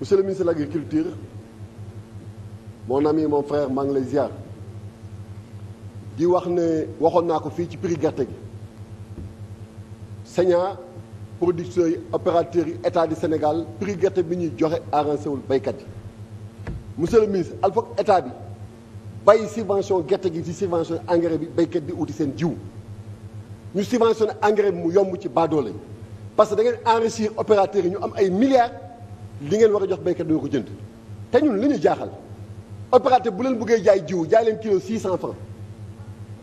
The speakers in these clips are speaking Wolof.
monsieur le ministre de l'agriculture mon ami mon frère maa ngi lay ziar di wax ne waxoon naa ko fii ci prix gerte gi Sénat producteurs yi opérateurs yi état du Sénégal prix gerte bi ñuy joxe arrangé wul béykat yi monsieur le ministre al état bi bàyyi subvention gerte gi ci subvention engrais bi béykat bi uti seen jiw ñu subventionné engrais bi mu yomb ci baadoole parce que da ngeen enrichir opérateurs yi ñu am ay milliards li ngeen war a jox béykat doo ko jënd te ñun li ñu jaaxal opérateur bu leen bëggee jaay jiw jaay leen kilo cent francs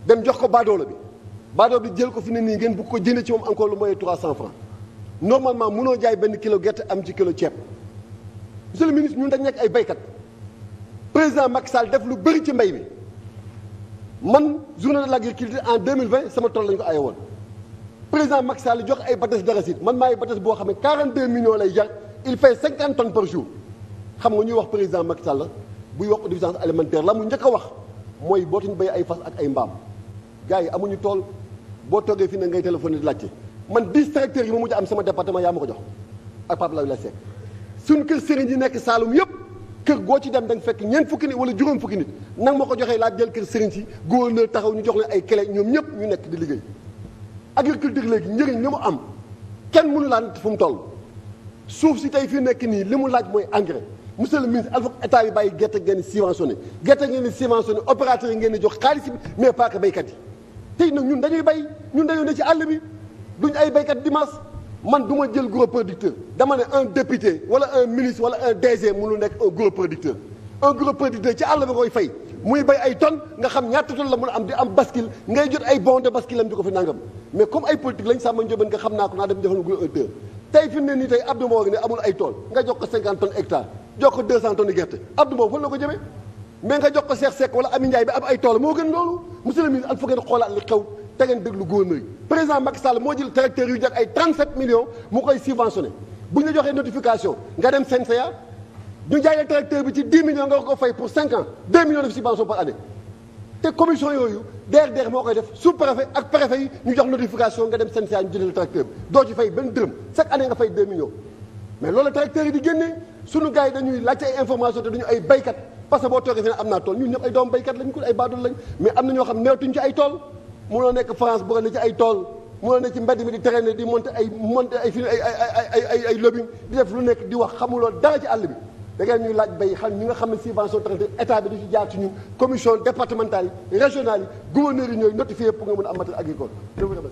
dem jox ko baadoola bi baadoola bi jël ko fi ne nii ngeen bëgg ko jënd ci moom encore lu mooy 300 francs normalement mënoo jaay benn kilo gerte am ci kilo ceeb monsieur le ministre ñun dañ nekk ay baykat président Macky Sall def lu bëri ci mbay mi man journée de en sama tool lañ ko aye woon président Macky jox ay batas d'arachide man boo xam ne 42 millions lay jar il paye cinquante tonnes par jour xam nga ñuy wax président Macky Sall buy wax autosuffisance alimentaire la mu njëkk a wax mooy bootuñu béy ay fas ak ay mbaam gars yi amuñu tool boo toogee fii na ngay téléphoné di laajte man dix tracteurs yi ma mujj am sama département yaa ma ko jox ak Pape Laye Seck suñ kër sëriñ yi nekk Saalum yëpp kër goo ci dem da nga fekk ñeent fukki nit wala juróom fukki nit nang ma ko joxee laa jël kër sëriñ si gouverneur taxaw ñu jox leen ay clé ñoom ñëpp ñu nekk di liggéey agriculture léegi njëriñ li mu am kenn mënu laa fu mu toll suuf si tey fi nekk nii li mu laaj mooy engrais monsieur le ministre il faut que état bàyyi gerte ngeen di subventionné gerte ngeen di subventionné opérateur yi ngeen di jox xaalis bi mais pas que béykat yi tey nag ñun dañuy bay ñun dañoo ne ci àll bi duñ ay baykat dimanche man du ma jël gros producteur dama ne un député wala un ministre wala un DG mënul nekk un gros producteur un gros producteur ci àll bi koy fay muy bay ay tonnes nga xam ñaata tonnes la mën a am di am bascule ngay jot tey fi ne nii tey Abdou moo ngi ne amul ay tool nga jox ko 50 tonnes hectare jox ko 200 tonnes gerte Abdou moom fan la ko jëmee mais nga jox ko Cheikh Seck wala Ami Ndiaye bi am ay tool moo gën loolu monsieur le ministre al xoolaat li xew te ngeen déglu góornóoyu président Macky Sall moo jël tracteur yu jar ay 37 millions mu koy subventionné bu ñu la joxee notification nga dem CNCA ñu jaay tracteur bi ci 10 millions nga ko pour 5 ans te commission yooyu DRDR moo koy def sous préfet ak préfet yi ñu jox notification nga dem seen saa ñu jëndal tracteur bi doo ci fay benn dërëm chaque année nga fay 2 millions. mais loolu tracteur yi di génne sunu gars dañuy laajte ay information te dañu ay baykat parce boo toogee fi am naa tool ñun ñëpp ay doom baykat lañ ko ay baadul lañ mais am na ñoo xam neewtuñ ci ay tool munoo nekk France boo ne ci ay tool. mënoon na nekk di wax xamuloo dara ci àll bi da ngeen ñuy laaj bay xam ñi nga xam ne subvention traité état bi da ci jaar ci ñun commission départementale yi régionale yi gouverneurs yi ñooy notifié pour nga mën a agricole